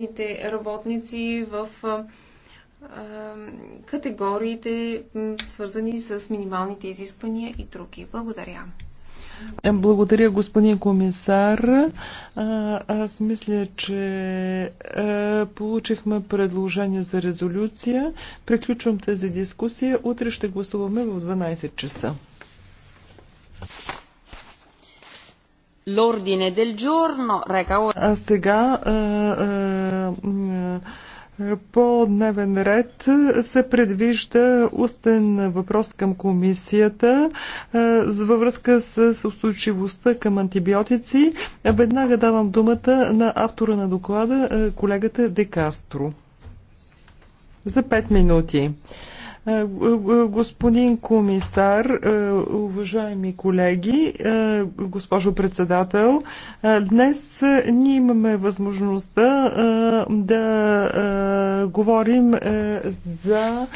социалните работници в категориите, свързани с минималните изисквания и други. Благодаря. Е, благодаря, господин комисар. Аз мисля, че получихме предложение за резолюция. Приключвам тази дискусия. Утре ще гласуваме в 12 часа. L'ordine del giorno reca... А сега по дневен ред се предвижда устен въпрос към комисията във връзка с устойчивостта към антибиотици. Веднага давам думата на автора на доклада, колегата Декастро. За 5 минути. Е, е, е, господин комисар, уважаеми колеги, госпожо председател, днес ние имаме възможността да говорим за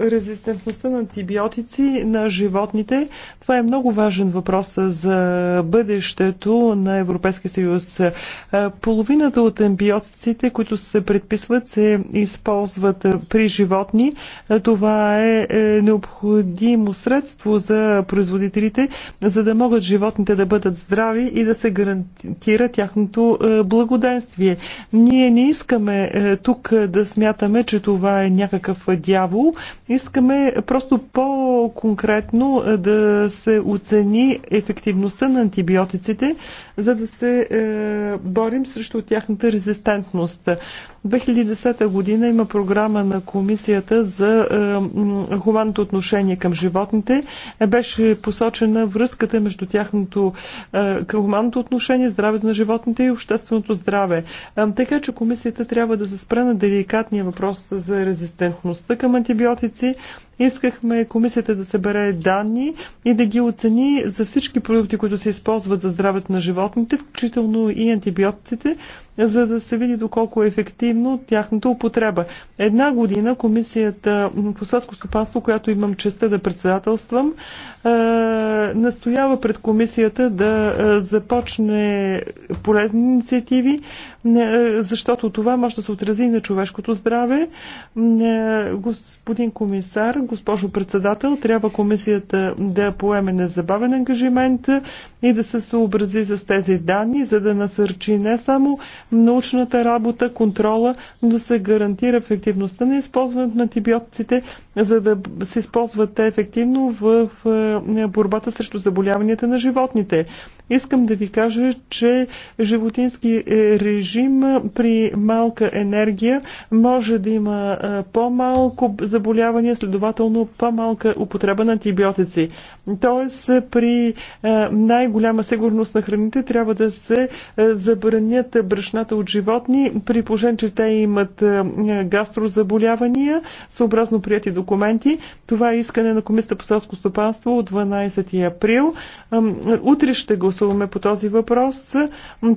резистентността на антибиотици на животните. Това е много важен въпрос за бъдещето на Европейския съюз. Половината от антибиотиците, които се предписват, се използват при животни. Това е, е необходимо средство за производителите, за да могат животните да бъдат здрави и да се гарантира тяхното е, благоденствие. Ние не искаме е, тук да смятаме, че това е някакъв дял право. Искаме просто по-конкретно да се оцени ефективността на антибиотиците, за да се е, борим срещу тяхната резистентност. 2010 година има програма на комисията за е, хуманното отношение към животните. Е, беше посочена връзката между тяхното е, към хуманното отношение, здравето на животните и общественото здраве. Е, така че комисията трябва да се спре на деликатния въпрос за резистентността към антибиотици, Искахме комисията да събере данни и да ги оцени за всички продукти, които се използват за здравето на животните, включително и антибиотиците, за да се види доколко е ефективно тяхната употреба. Една година комисията по съдско стопанство, която имам честа да председателствам, е, настоява пред комисията да е, започне полезни инициативи, е, защото това може да се отрази на човешкото здраве. Господин комисар, госпожо председател, трябва комисията да поеме незабавен ангажимент и да се съобрази с тези данни, за да насърчи не само научната работа, контрола, но да се гарантира ефективността на използването на антибиотиците, за да се използват те ефективно в е, борбата срещу заболяванията на животните. Искам да ви кажа, че животински е, режим при малка енергия може да има е, по-малко заболявания, следователно по-малка употреба на антибиотици. Тоест при е, най-голяма сигурност на храните трябва да се забранят брашната от животни, при пожен, че те имат гастрозаболявания, съобразно прияти документи. Това е искане на Комисията по селско стопанство от 12 април. Утре ще го гласуваме по този въпрос.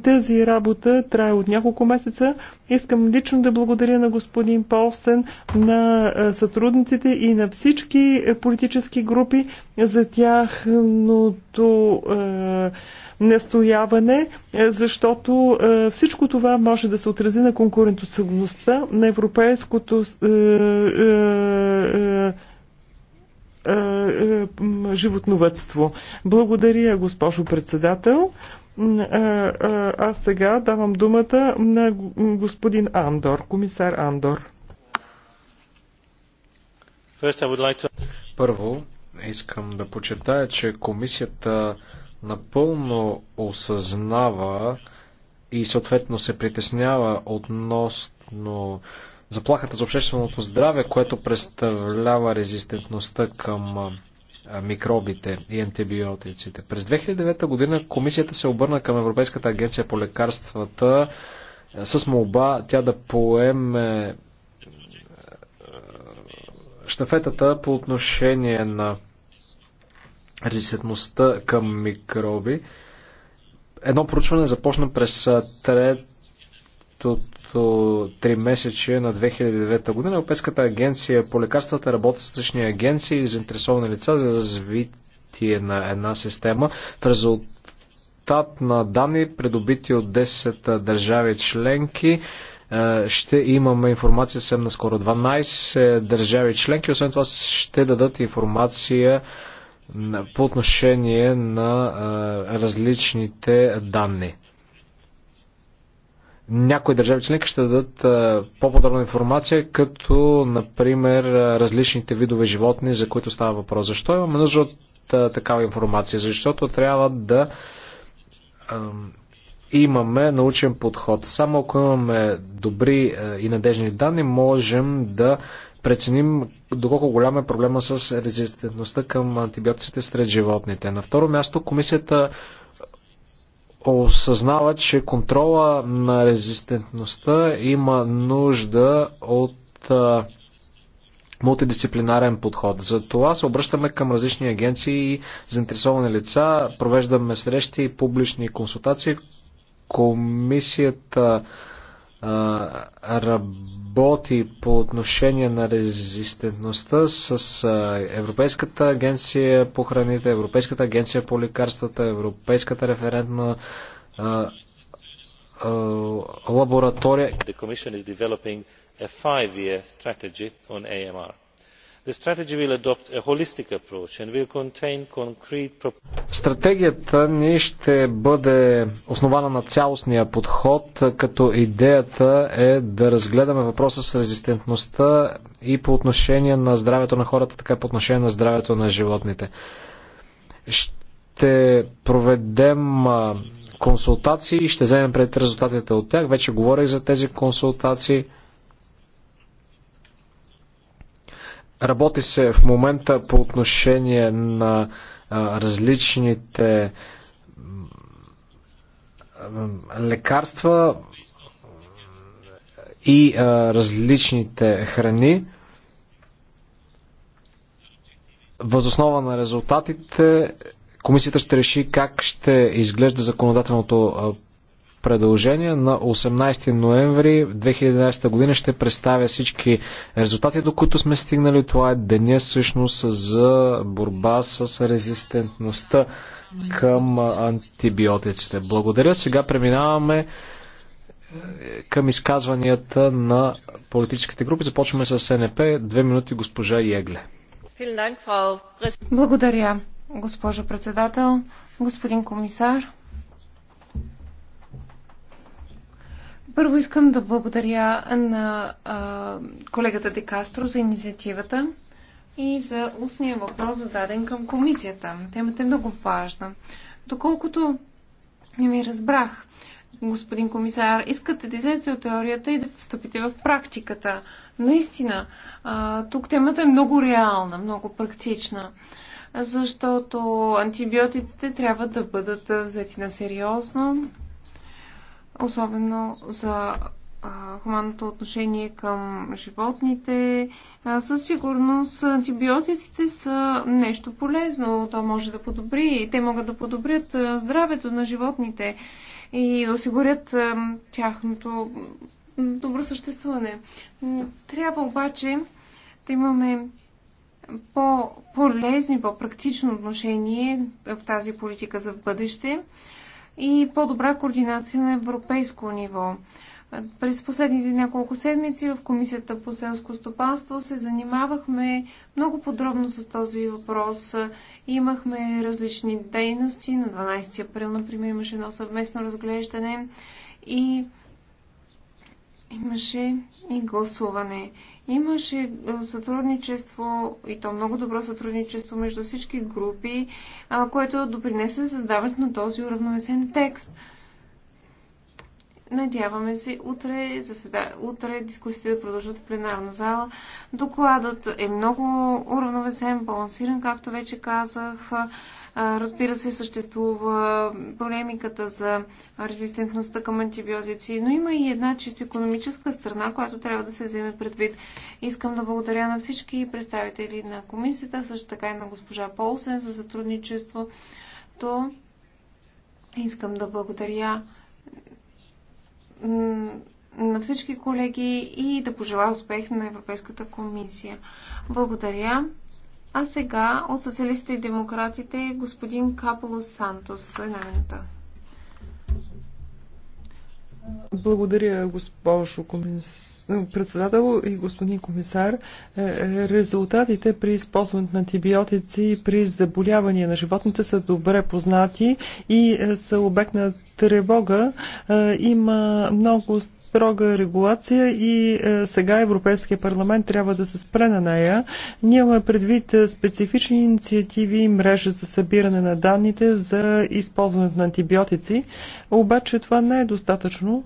Тази работа трае от няколко месеца. Искам лично да благодаря на господин Полсен, на сътрудниците и на всички политически групи за тяхното настояване, защото всичко това може да се отрази на конкурентоспособността на европейското е, е, животновътство. Благодаря, госпожо председател. Е, аз сега давам думата на господин Андор, комисар Андор. Първо, искам да почитая, че комисията напълно осъзнава и съответно се притеснява относно заплахата за общественото здраве, което представлява резистентността към микробите и антибиотиците. През 2009 година комисията се обърна към Европейската агенция по лекарствата с молба тя да поеме щафетата по отношение на резистентността към микроби. Едно проучване започна през трет първото три месече на 2009 година Европейската агенция по лекарствата работи с различни агенции и заинтересовани лица за развитие на една система. В резултат на данни, придобити от 10 държави членки, ще имаме информация съвсем наскоро. 12 държави членки, освен това ще дадат информация по отношение на различните данни някои държави членки ще дадат по-подробна информация, като, например, различните видове животни, за които става въпрос. Защо имаме нужда от такава информация? Защото трябва да имаме научен подход. Само ако имаме добри и надежни данни, можем да преценим доколко голяма е проблема с резистентността към антибиотиците сред животните. На второ място, комисията осъзнава, че контрола на резистентността има нужда от а, мултидисциплинарен подход. За това се обръщаме към различни агенции и заинтересовани лица, провеждаме срещи и публични консултации. Комисията работи по отношение на резистентността с Европейската агенция по храните, Европейската агенция по лекарствата, Европейската референтна лаборатория. The Commission is developing a five-year strategy on AMR the strategy will adopt a holistic approach and will contain concrete Стратегията ни ще бъде основана на цялостния подход, като идеята е да разгледаме въпроса с резистентността и по отношение на здравето на хората, така и по отношение на здравето на животните. Ще проведем консултации, ще вземем пред резултатите от тях. Вече говорих за тези консултации. Работи се в момента по отношение на различните лекарства и различните храни. Възоснова на резултатите комисията ще реши как ще изглежда законодателното продължение на 18 ноември 2011 година ще представя всички резултати, до които сме стигнали. Това е деня всъщност за борба с резистентността към антибиотиците. Благодаря. Сега преминаваме е, към изказванията на политическите групи. Започваме с НП. Две минути госпожа Егле. Благодаря, госпожо председател, господин комисар. Първо искам да благодаря на а, колегата Декастро за инициативата и за устния въпрос, зададен към комисията. Темата е много важна. Доколкото не ми разбрах, господин комисар, искате да излезете от теорията и да встъпите в практиката. Наистина, а, тук темата е много реална, много практична, защото антибиотиците трябва да бъдат взети на сериозно, особено за хуманното отношение към животните. Със сигурност антибиотиците са нещо полезно. То може да подобри. Те могат да подобрят здравето на животните и да осигурят тяхното добро съществуване. Трябва обаче да имаме по-полезни, по-практично отношение в тази политика за бъдеще и по-добра координация на европейско ниво. През последните няколко седмици в Комисията по селско стопанство се занимавахме много подробно с този въпрос. Имахме различни дейности. На 12 април, например, имаше едно съвместно разглеждане и имаше и гласуване. Имаше сътрудничество и то много добро сътрудничество между всички групи, което допринесе създаването на този уравновесен текст. Надяваме се утре, заседа... утре дискусите да продължат в пленарна зала. Докладът е много уравновесен, балансиран, както вече казах. Разбира се, съществува полемиката за резистентността към антибиотици, но има и една чисто економическа страна, която трябва да се вземе предвид. Искам да благодаря на всички представители на комисията, също така и на госпожа Полсен за То Искам да благодаря на всички колеги и да пожелая успех на Европейската комисия. Благодаря. А сега от социалистите и демократите господин Каполос Сантос. Една минута. Благодаря, госпожо комис... председател и господин комисар. Е, е, резултатите при използването на антибиотици при заболявания на животните са добре познати и е, са обект на тревога. Има много строга регулация и е, сега Европейския парламент трябва да се спре на нея. Ние имаме предвид е, специфични инициативи и мрежа за събиране на данните за използването на антибиотици, обаче това не е достатъчно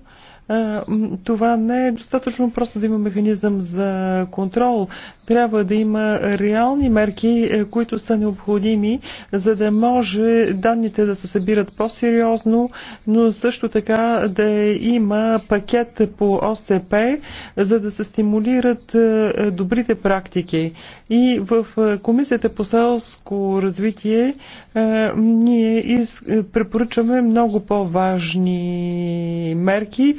е, това не е достатъчно просто да има механизъм за контрол. Трябва да има реални мерки, е, които са необходими, за да може данните да се събират по-сериозно, но също така да има пакет по ОСП, за да се стимулират е, добрите практики. И в е, Комисията по селско развитие ние препоръчваме много по-важни мерки.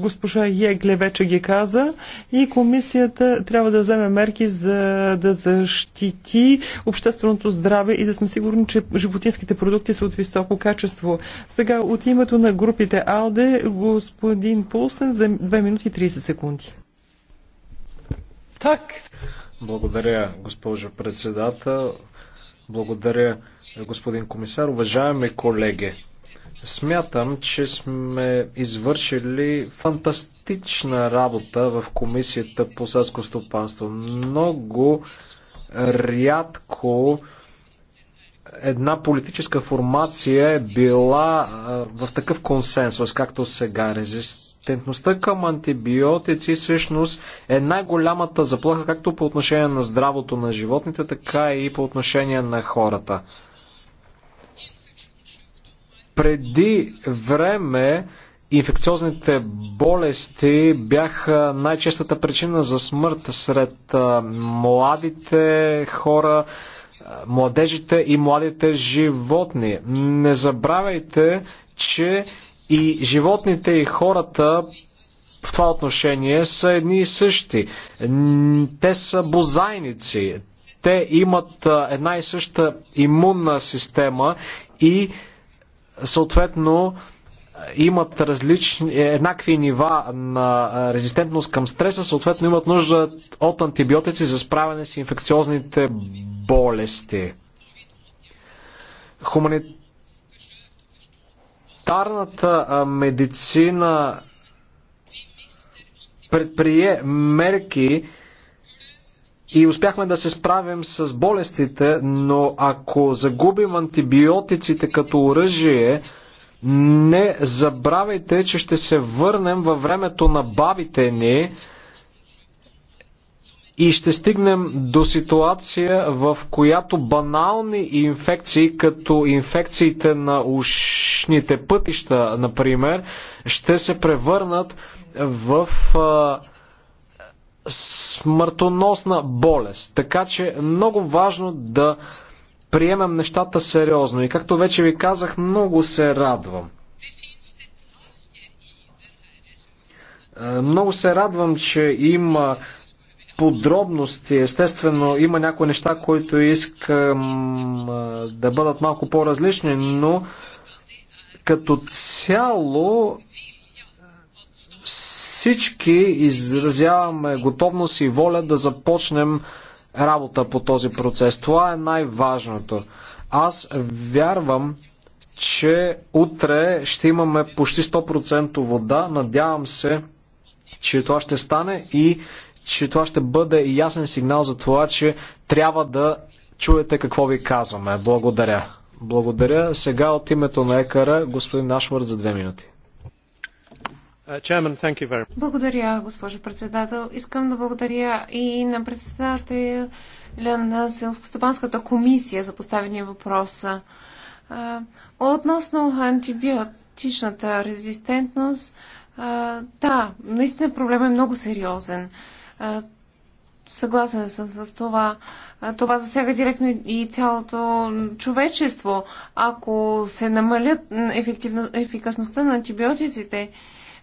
Госпожа Егле вече ги каза и комисия комисията трябва да вземе мерки за да защити общественото здраве и да сме сигурни, че животинските продукти са от високо качество. Сега от името на групите АЛДЕ господин Пулсен за 2 минути 30 секунди. Так. Благодаря, госпожо председател. Благодаря, господин комисар. Уважаеми колеги, Смятам, че сме извършили фантастична работа в Комисията по селско стопанство. Много рядко една политическа формация е била в такъв консенсус, както сега. Резистентността към антибиотици всъщност е най-голямата заплаха както по отношение на здравото на животните, така и по отношение на хората. Преди време инфекциозните болести бяха най-честата причина за смърт сред младите хора, младежите и младите животни. Не забравяйте, че и животните и хората в това отношение са едни и същи. Те са бозайници. Те имат една и съща имунна система и съответно имат различни, е, еднакви нива на е, резистентност към стреса, съответно имат нужда от антибиотици за справяне с инфекциозните болести. Хуманитарната е, медицина предприе мерки, и успяхме да се справим с болестите, но ако загубим антибиотиците като оръжие, не забравяйте, че ще се върнем във времето на бабите ни и ще стигнем до ситуация, в която банални инфекции, като инфекциите на ушните пътища, например, ще се превърнат в а, смъртоносна болест. Така че е много важно да приемем нещата сериозно. И както вече ви казах, много се радвам. Е, много се радвам, че има подробности. Естествено, има някои неща, които искам е, да бъдат малко по-различни, но като цяло всички изразяваме готовност и воля да започнем работа по този процес. Това е най-важното. Аз вярвам, че утре ще имаме почти 100% вода. Надявам се, че това ще стане и че това ще бъде ясен сигнал за това, че трябва да чуете какво ви казваме. Благодаря. Благодаря. Сега от името на екара господин Нашвард за две минути. Uh, благодаря, госпожо председател. Искам да благодаря и на председателя на Селскостопанската комисия за поставения въпрос. Относно антибиотичната резистентност, да, наистина проблемът е много сериозен. Съгласен съм с това. Това засяга директно и цялото човечество. Ако се намалят ефикасността на антибиотиците,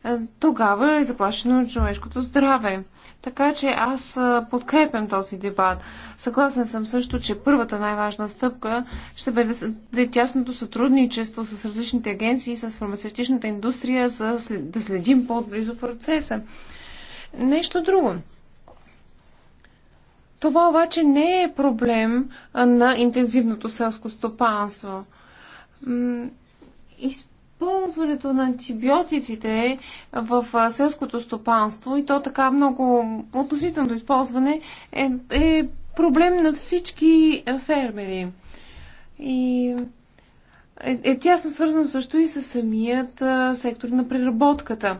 е, тогава е заплашено човешкото здраве. Така че аз е, подкрепям този дебат. Съгласен съм също, че първата най-важна стъпка ще бъде е тясното сътрудничество с различните агенции и с фармацевтичната индустрия, за да следим по-отблизо процеса. Нещо друго. Това обаче не е проблем на интензивното селско стопанство. И ползването на антибиотиците в селското стопанство и то така много относително използване е, е проблем на всички е, фермери. И е, е тясно свързано също и с самият а, сектор на преработката.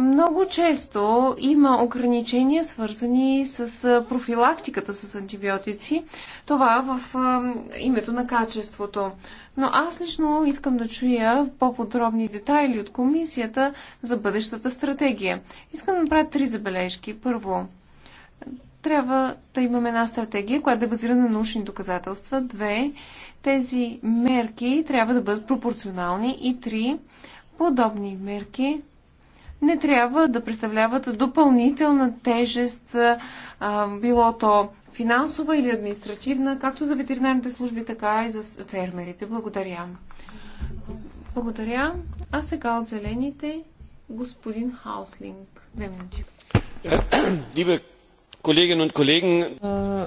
Много често има ограничения, свързани с профилактиката с антибиотици, това в а, името на качеството. Но аз лично искам да чуя по-подробни детайли от комисията за бъдещата стратегия. Искам да направя три забележки. Първо, трябва да имаме една стратегия, която да е базирана на научни доказателства. Две, тези мерки трябва да бъдат пропорционални. И три, подобни мерки не трябва да представляват допълнителна тежест, а, било то финансова или административна, както за ветеринарните служби, така и за фермерите. Благодаря. Благодаря. А сега от зелените господин Хауслинг. Две минути.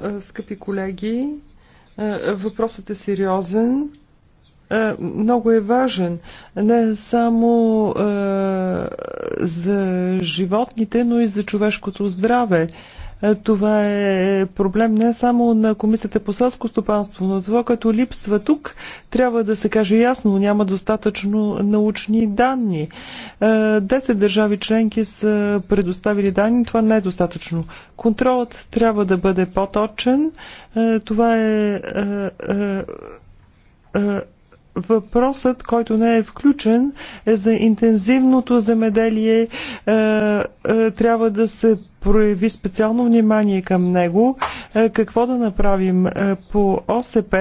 Е, скъпи колеги, въпросът е сериозен много е важен. Не само за животните, но и за човешкото здраве. Е, това е проблем не само на Комисията по селско стопанство, но това, като липсва тук, трябва да се каже ясно. Няма достатъчно научни данни. Е, десет държави членки са предоставили данни. Това не е достатъчно. Контролът трябва да бъде по-точен. Е, това е въпросът, който не е включен, е за интензивното земеделие, е, трябва да се прояви специално внимание към него. Е, какво да направим? Е, по ОСП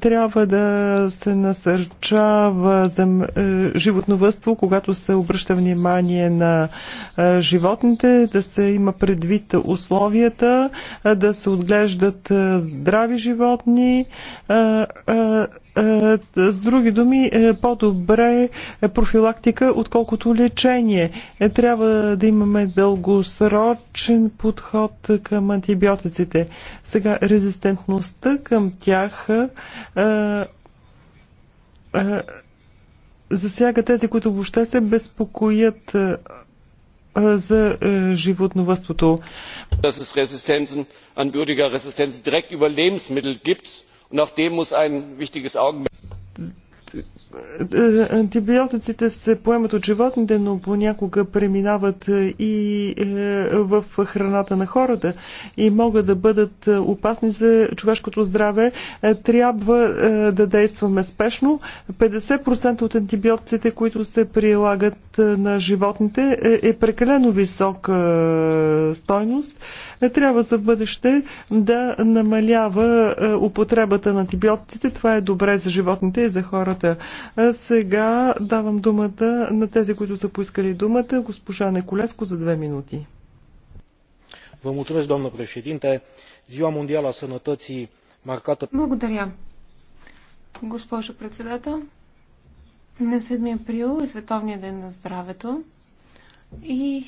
трябва да се насърчава за животновътство, когато се обръща внимание на животните, да се има предвид условията, да се отглеждат здрави животни. С други думи, по-добре профилактика, отколкото лечение. Трябва да имаме дългосрочен подход към антибиотиците. Сега резистентността към тях а, а, засяга тези, които въобще се безпокоят а, за а, животновътството. Dass es Resistenzen, Antibiotikaresistenzen direkt über Lebensmittel gibt und auf dem muss ein wichtiges Augenmerk антибиотиците се поемат от животните, но понякога преминават и е, в храната на хората и могат да бъдат опасни за човешкото здраве. Е, трябва е, да действаме спешно. 50% от антибиотиците, които се прилагат е, на животните е, е прекалено висока е, стойност. Трябва за бъдеще да намалява употребата на антибиотиците. Това е добре за животните и за хората. Сега давам думата на тези, които са поискали думата. Госпожа Неколеско за две минути. Vă mulțumesc, doamnă președinte. Ziua Mondială a Sănătății marcată... Благодаря, госпожо председател. На 7 април е Световния ден на здравето и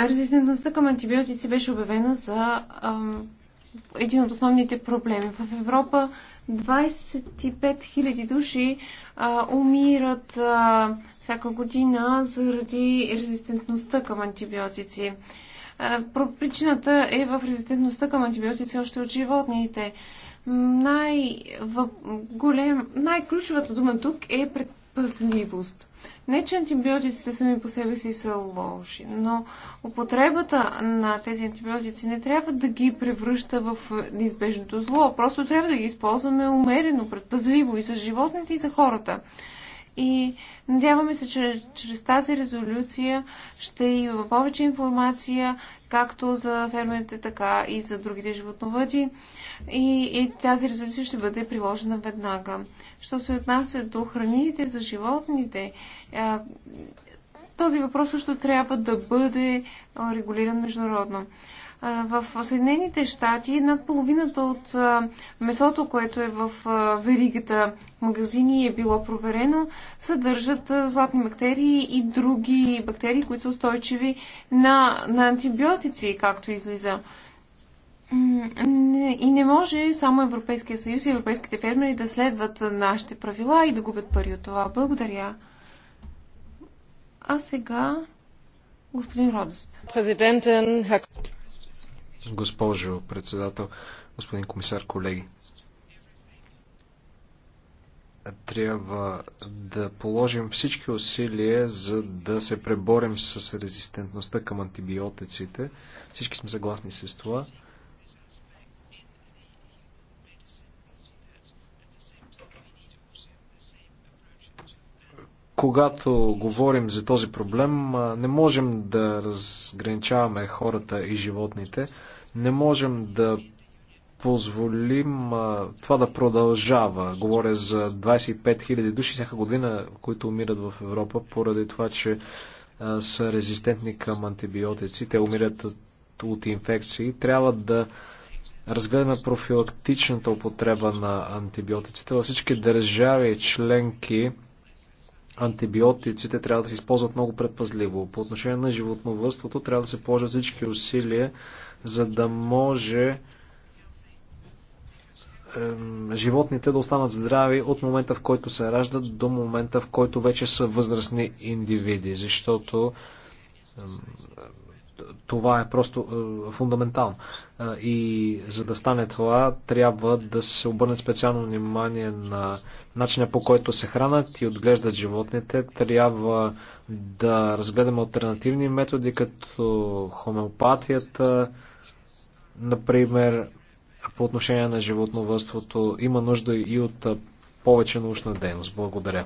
резистентността към антибиотици беше обявена за ам, един от основните проблеми. В Европа 25 000 души а, умират а, всяка година заради резистентността към антибиотици. А, причината е в резистентността към антибиотици още от животните най-голем, най-ключовата дума тук е предпазливост. Не, че антибиотиците сами по себе си са лоши, но употребата на тези антибиотици не трябва да ги превръща в неизбежното зло. Просто трябва да ги използваме умерено, предпазливо и за животните, и за хората. И надяваме се, че чрез тази резолюция ще има повече информация както за фермерите, така и за другите животновъди. И, и тази резолюция ще бъде приложена веднага. Що се отнася до храните за животните, този въпрос също трябва да бъде регулиран международно. В Съединените щати над половината от месото, което е в веригата магазини е било проверено, съдържат златни бактерии и други бактерии, които са устойчиви на, на антибиотици, както излиза. И не може само Европейския съюз и европейските фермери да следват нашите правила и да губят пари от това. Благодаря. А сега господин Родост. Госпожо председател, господин комисар, колеги. Трябва да положим всички усилия, за да се преборим с резистентността към антибиотиците. Всички сме съгласни с това. когато говорим за този проблем, не можем да разграничаваме хората и животните. Не можем да позволим а, това да продължава. Говоря за 25 000 души всяка година, които умират в Европа поради това, че а, са резистентни към антибиотици. Те умират от инфекции. Трябва да разгледаме профилактичната употреба на антибиотиците във всички държави членки антибиотиците трябва да се използват много предпазливо. По отношение на животновътството трябва да се положат всички усилия, за да може животните да останат здрави от момента в който се раждат до момента в който вече са възрастни индивиди, защото това е просто е, фундаментално. Е, и за да стане това, трябва да се обърне специално внимание на начина по който се хранат и отглеждат животните. Трябва да разгледаме альтернативни методи, като хомеопатията, например, по отношение на животновътството. Има нужда и от повече научна дейност. Благодаря.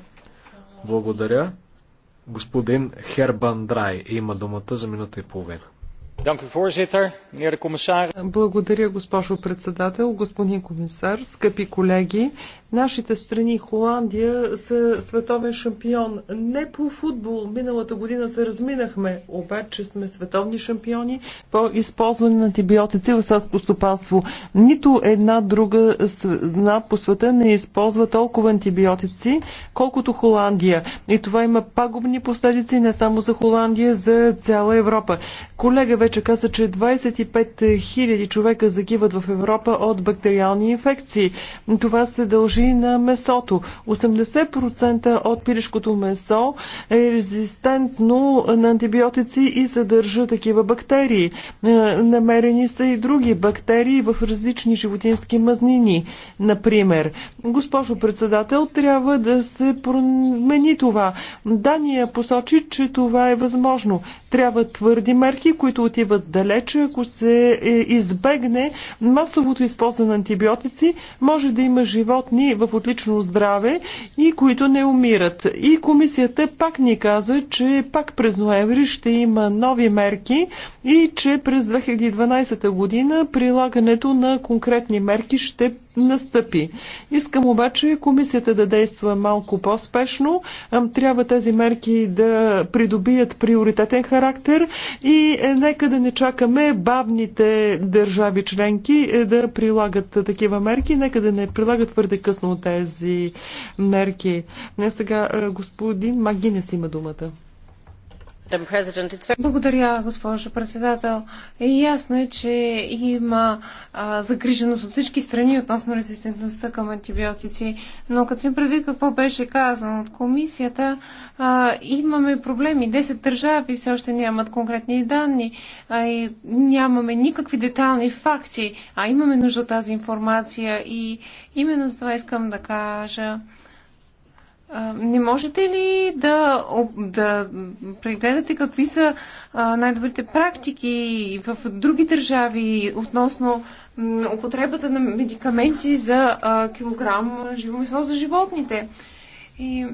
Благодаря. Господин Хербандрай има думата за минута и половина. Благодаря, госпожо председател, господин комисар, скъпи колеги. Нашите страни Холандия са световен шампион. Не по футбол. Миналата година се разминахме, обаче сме световни шампиони по използване на антибиотици в селскостопанство. Нито една друга страна по света не използва толкова антибиотици, колкото Холандия. И това има пагубни последици не само за Холандия, за цяла Европа. Колега, вече вече каза, че 25 000 човека загиват в Европа от бактериални инфекции. Това се дължи на месото. 80% от пирешкото месо е резистентно на антибиотици и съдържа такива бактерии. Е, намерени са и други бактерии в различни животински мазнини. Например, госпожо председател, трябва да се промени това. Дания посочи, че това е възможно. Трябва твърди мерки, които отиват далече. Ако се е, избегне масовото използване на антибиотици, може да има животни в отлично здраве и които не умират. И комисията пак ни каза, че пак през ноември ще има нови мерки и че през 2012 година прилагането на конкретни мерки ще настъпи. Искам обаче комисията да действа малко по-спешно. Трябва тези мерки да придобият приоритетен характер и е, нека да не чакаме бавните държави членки е, да прилагат такива мерки. Нека да не прилагат твърде късно тези мерки. Не сега е, господин Магинес има думата. Благодаря, госпожо председател. Е, ясно е, че има а, загриженост от всички страни относно резистентността към антибиотици, но като си предвид какво беше казано от комисията, а, имаме проблеми. Десет държави все още нямат конкретни данни, а, и нямаме никакви детални факти, а имаме нужда от тази информация и именно за това искам да кажа не можете ли да, да прегледате какви са най-добрите практики в други държави относно употребата на медикаменти за килограм живо месо за животните? И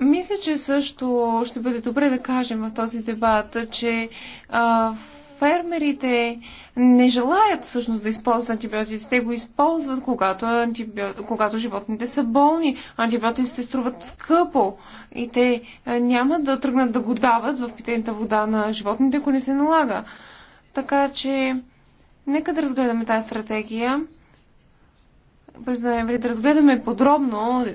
мисля, че също ще бъде добре да кажем в този дебат, че в фермерите не желаят всъщност да използват антибиотиците. Те го използват, когато, антибиот... когато животните са болни. Антибиотиците струват скъпо и те няма да тръгнат да го дават в питейната вода на животните, ако не се налага. Така че, нека да разгледаме тази стратегия. През ноември да разгледаме подробно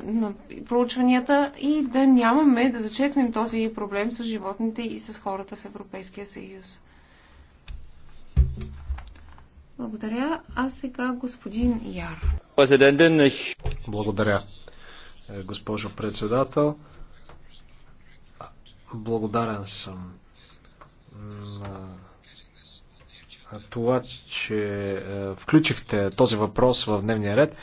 проучванията и да нямаме да зачекнем този проблем с животните и с хората в Европейския съюз. Благодаря. А сега господин Яр. Благодаря, е, госпожо председател. Благодарен съм на това, че е, включихте този въпрос в дневния ред.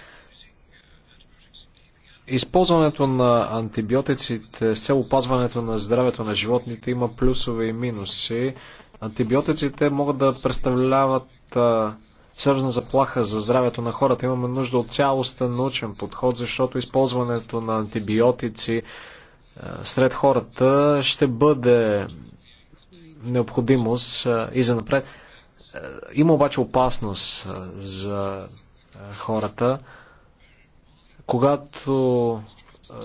Използването на антибиотиците с опазването на здравето на животните има плюсове и минуси. Антибиотиците могат да представляват а, е, сериозна заплаха за здравето на хората. Имаме нужда от цялостен научен подход, защото използването на антибиотици е, сред хората ще бъде необходимост е, и за напред. Е, има обаче опасност за хората. Когато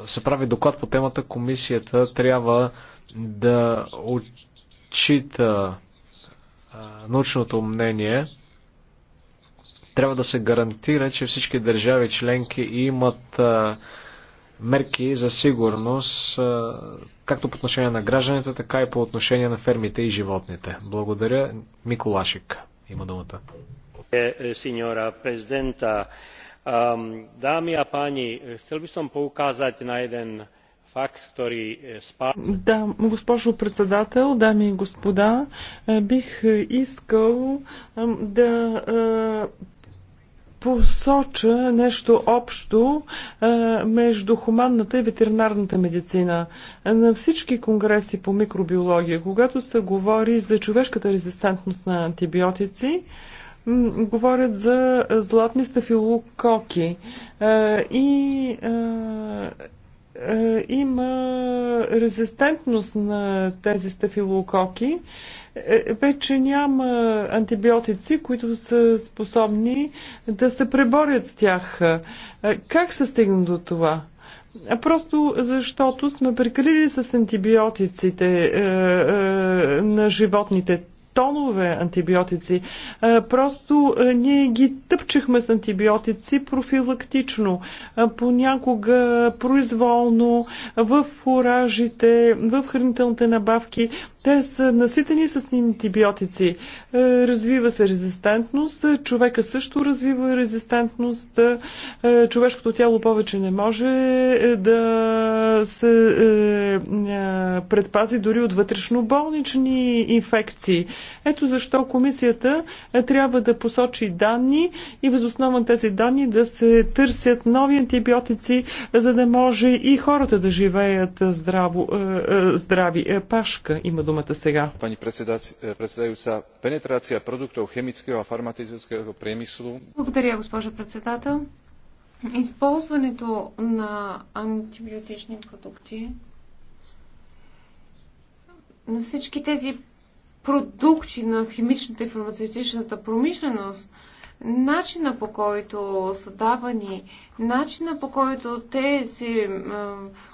се прави доклад по темата, комисията трябва да отчита научното мнение. Трябва да се гарантира, че всички държави членки имат мерки за сигурност, както по отношение на гражданите, така и по отношение на фермите и животните. Благодаря. Миколашик има думата. Е, е, сеньора президента, дами и пани, хотел би съм поуказать на един факт, который е, спа... Да, госпожо председател, дами и господа, бих искал да посоча нещо общо а, между хуманната и ветеринарната медицина. На всички конгреси по микробиология, когато се говори за човешката резистентност на антибиотици, говорят за златни стафилококи. А, и а, има резистентност на тези стафилококи е, вече няма антибиотици, които са способни да се преборят с тях. Е, как се стигна до това? Просто защото сме прикрили с антибиотиците е, на животните тонове антибиотици. Просто ние ги тъпчехме с антибиотици профилактично, понякога произволно, в фуражите, в хранителните набавки. Те са наситени с антибиотици. Е, развива се резистентност, човека също развива резистентност, е, човешкото тяло повече не може е, да се предпази дори от вътрешно болнични инфекции. Ето защо комисията трябва да посочи данни и възоснова на тези данни да се търсят нови антибиотици, за да може и хората да живеят здраво, здрави. Пашка има да думата сега. Е, пенетрация продуктов химического и фармацевтического премисъл. Благодаря, госпожо председател. Използването на антибиотични продукти на всички тези продукти на химичната и фармацевтичната промишленост – начина по който са давани, начина по който те се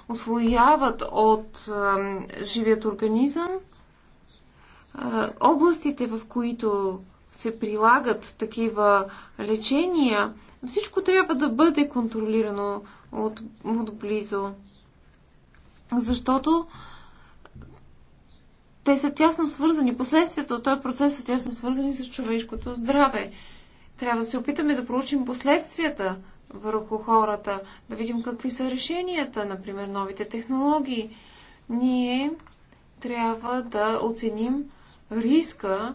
освояват от живият организъм, областите, в които се прилагат такива лечения, всичко трябва да бъде контролирано от, отблизо. Защото те са тясно свързани. Последствията от този процес са тясно свързани с човешкото здраве. Трябва да се опитаме да проучим последствията върху хората, да видим какви са решенията, например новите технологии. Ние трябва да оценим риска,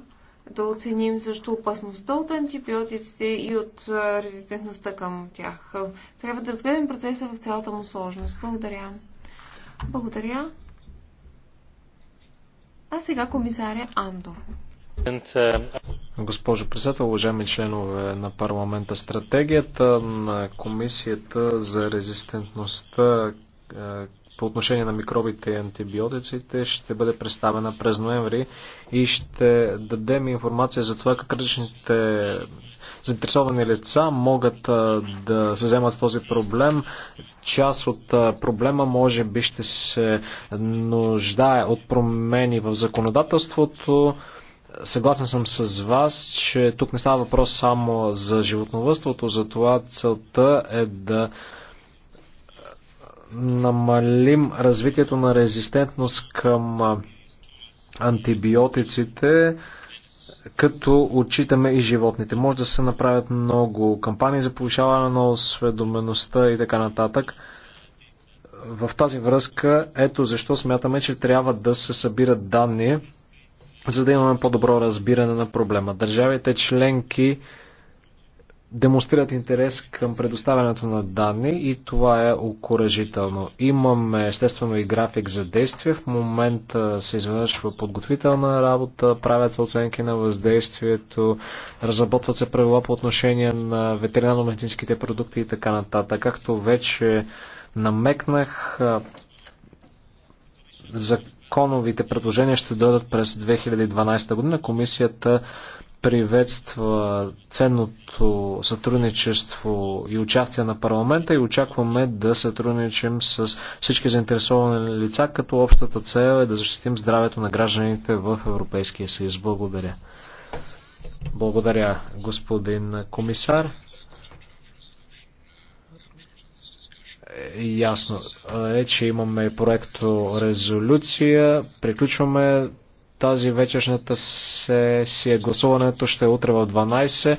да оценим също опасността от антибиотиците и от резистентността към тях. Трябва да разгледам процеса в цялата му сложност. Благодаря. Благодаря. А сега комисаря Андор. Госпожо председател, уважаеми членове на парламента, стратегията на Комисията за резистентността е, по отношение на микробите и антибиотиците ще бъде представена през ноември и ще дадем информация за това как различните заинтересовани лица могат е, да се вземат с този проблем. Част от е, проблема може би ще се нуждае от промени в законодателството. Съгласен съм с вас, че тук не става въпрос само за животновътството, затова целта е да намалим развитието на резистентност към антибиотиците, като отчитаме и животните. Може да се направят много кампании за повишаване на осведомеността и така нататък. В тази връзка, ето защо смятаме, че трябва да се събират данни за да имаме по-добро разбиране на проблема. Държавите членки демонстрират интерес към предоставянето на данни и това е окоръжително. Имаме естествено и график за действие. В момента се извършва подготвителна работа, правят се оценки на въздействието, разработват се правила по отношение на ветеринарно-медицинските продукти и така нататък. Както вече намекнах, за законовите предложения ще дойдат през 2012 година. Комисията приветства ценното сътрудничество и участие на парламента и очакваме да сътрудничим с всички заинтересовани лица, като общата цел е да защитим здравето на гражданите в Европейския съюз. Благодаря. Благодаря, господин комисар. Ясно е, че имаме проекто резолюция. Приключваме тази вечершната сесия. Гласуването ще е утре в 12.